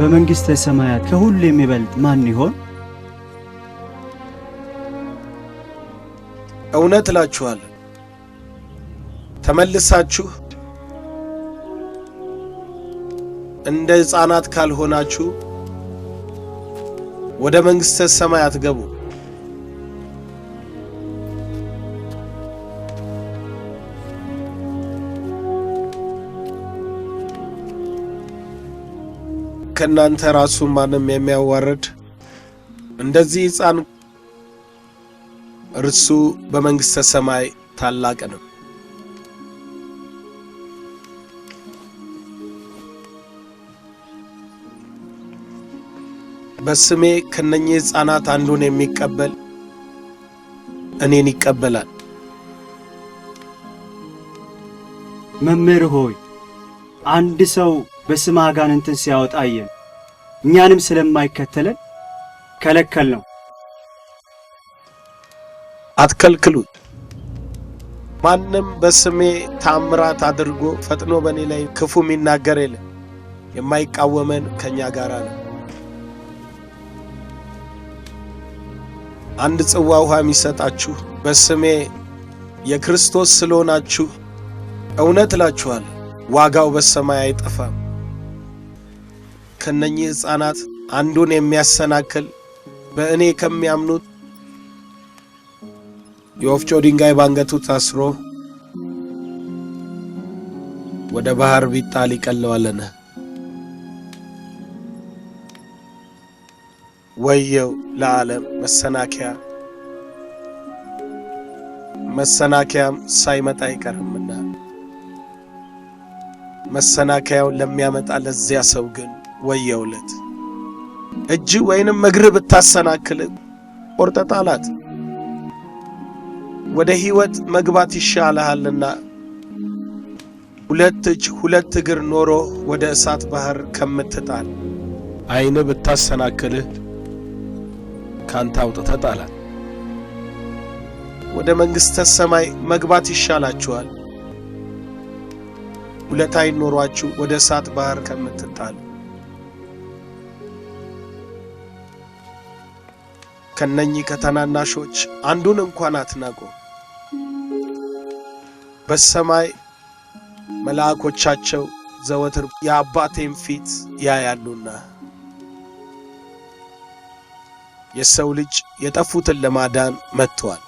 በመንግሥተ ሰማያት ከሁሉ የሚበልጥ ማን ይሆን? እውነት እላችኋል ተመልሳችሁ እንደ ሕፃናት ካልሆናችሁ ወደ መንግሥተ ሰማያት ገቡ? ከእናንተ ራሱ ማንም የሚያዋርድ እንደዚህ ሕፃን እርሱ በመንግሥተ ሰማይ ታላቅ ነው። በስሜ ከነኚህ ሕፃናት አንዱን የሚቀበል እኔን ይቀበላል። መምህር ሆይ አንድ ሰው በስመ አጋንንትን ሲያወጣ አየን። እኛንም ስለማይከተለን ከለከል ነው። አትከልክሉት። ማንም በስሜ ታምራት አድርጎ ፈጥኖ በእኔ ላይ ክፉ የሚናገር የለም። የማይቃወመን ከእኛ ጋር ነው። አንድ ጽዋ ውሃ የሚሰጣችሁ በስሜ የክርስቶስ ስለሆናችሁ እውነት እላችኋለሁ ዋጋው በሰማይ አይጠፋም። ከነኚህ ሕፃናት አንዱን የሚያሰናክል በእኔ ከሚያምኑት የወፍጮ ድንጋይ ባንገቱ ታስሮ ወደ ባህር ቢጣል ይቀለዋለን። ወየው ለዓለም መሰናከያ መሰናከያም ሳይመጣ አይቀርምና መሰናከያውን ለሚያመጣ ለዚያ ሰው ግን ወየውለት። እጅ ወይንም እግር ብታሰናክል ቆርጠህ ጣላት። ወደ ሕይወት መግባት ይሻልሃልና ሁለት እጅ ሁለት እግር ኖሮ ወደ እሳት ባህር ከምትጣል ዓይን ብታሰናክልህ ካንተ አውጥተህ ጣላት። ወደ መንግሥተ ሰማይ መግባት ይሻላችኋል። ሁለታይ ኖሯችሁ ወደ እሳት ባህር ከምትጣሉ ከነኚህ ከታናናሾች አንዱን እንኳን አትናቁ። በሰማይ መልአኮቻቸው ዘወትር የአባቴም ፊት ያያሉና የሰው ልጅ የጠፉትን ለማዳን መጥቷል።